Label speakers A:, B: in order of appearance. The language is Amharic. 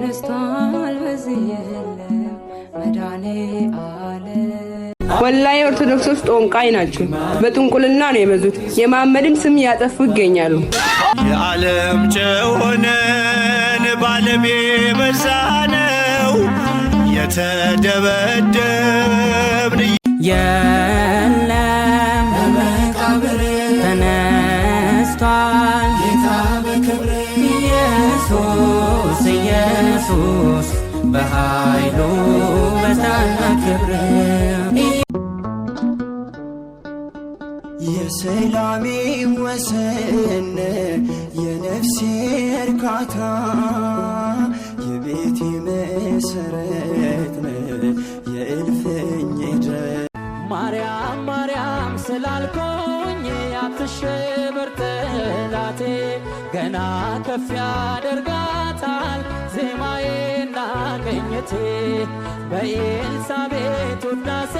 A: ተነስቷል በዚህ የለም መድኃኔ ዓለም። ወላሂ ኦርቶዶክሶች ጦንቃይ ናቸው። በጥንቁልና ነው የበዙት። የመሐመድን ስም እያጠፉ ይገኛሉ።
B: የዓለም ጨሆነን ባለም የበዛ ነው የተደበደብን የለም በመቃብር ተነስቷል ጌታ በክብር ኢየሱስ በኃይሉ በታላቅ ክብር የሰላሜ ወሰን የነፍሴ እርካታ የቤቴ መሰረት የእልፍኝ ማርያም ማርያም ስላልኩኝ አትሸበር ጠላቴ ገና ከፍ ያደርጋል መኝቴ በኤልሳቤት ውዳሴ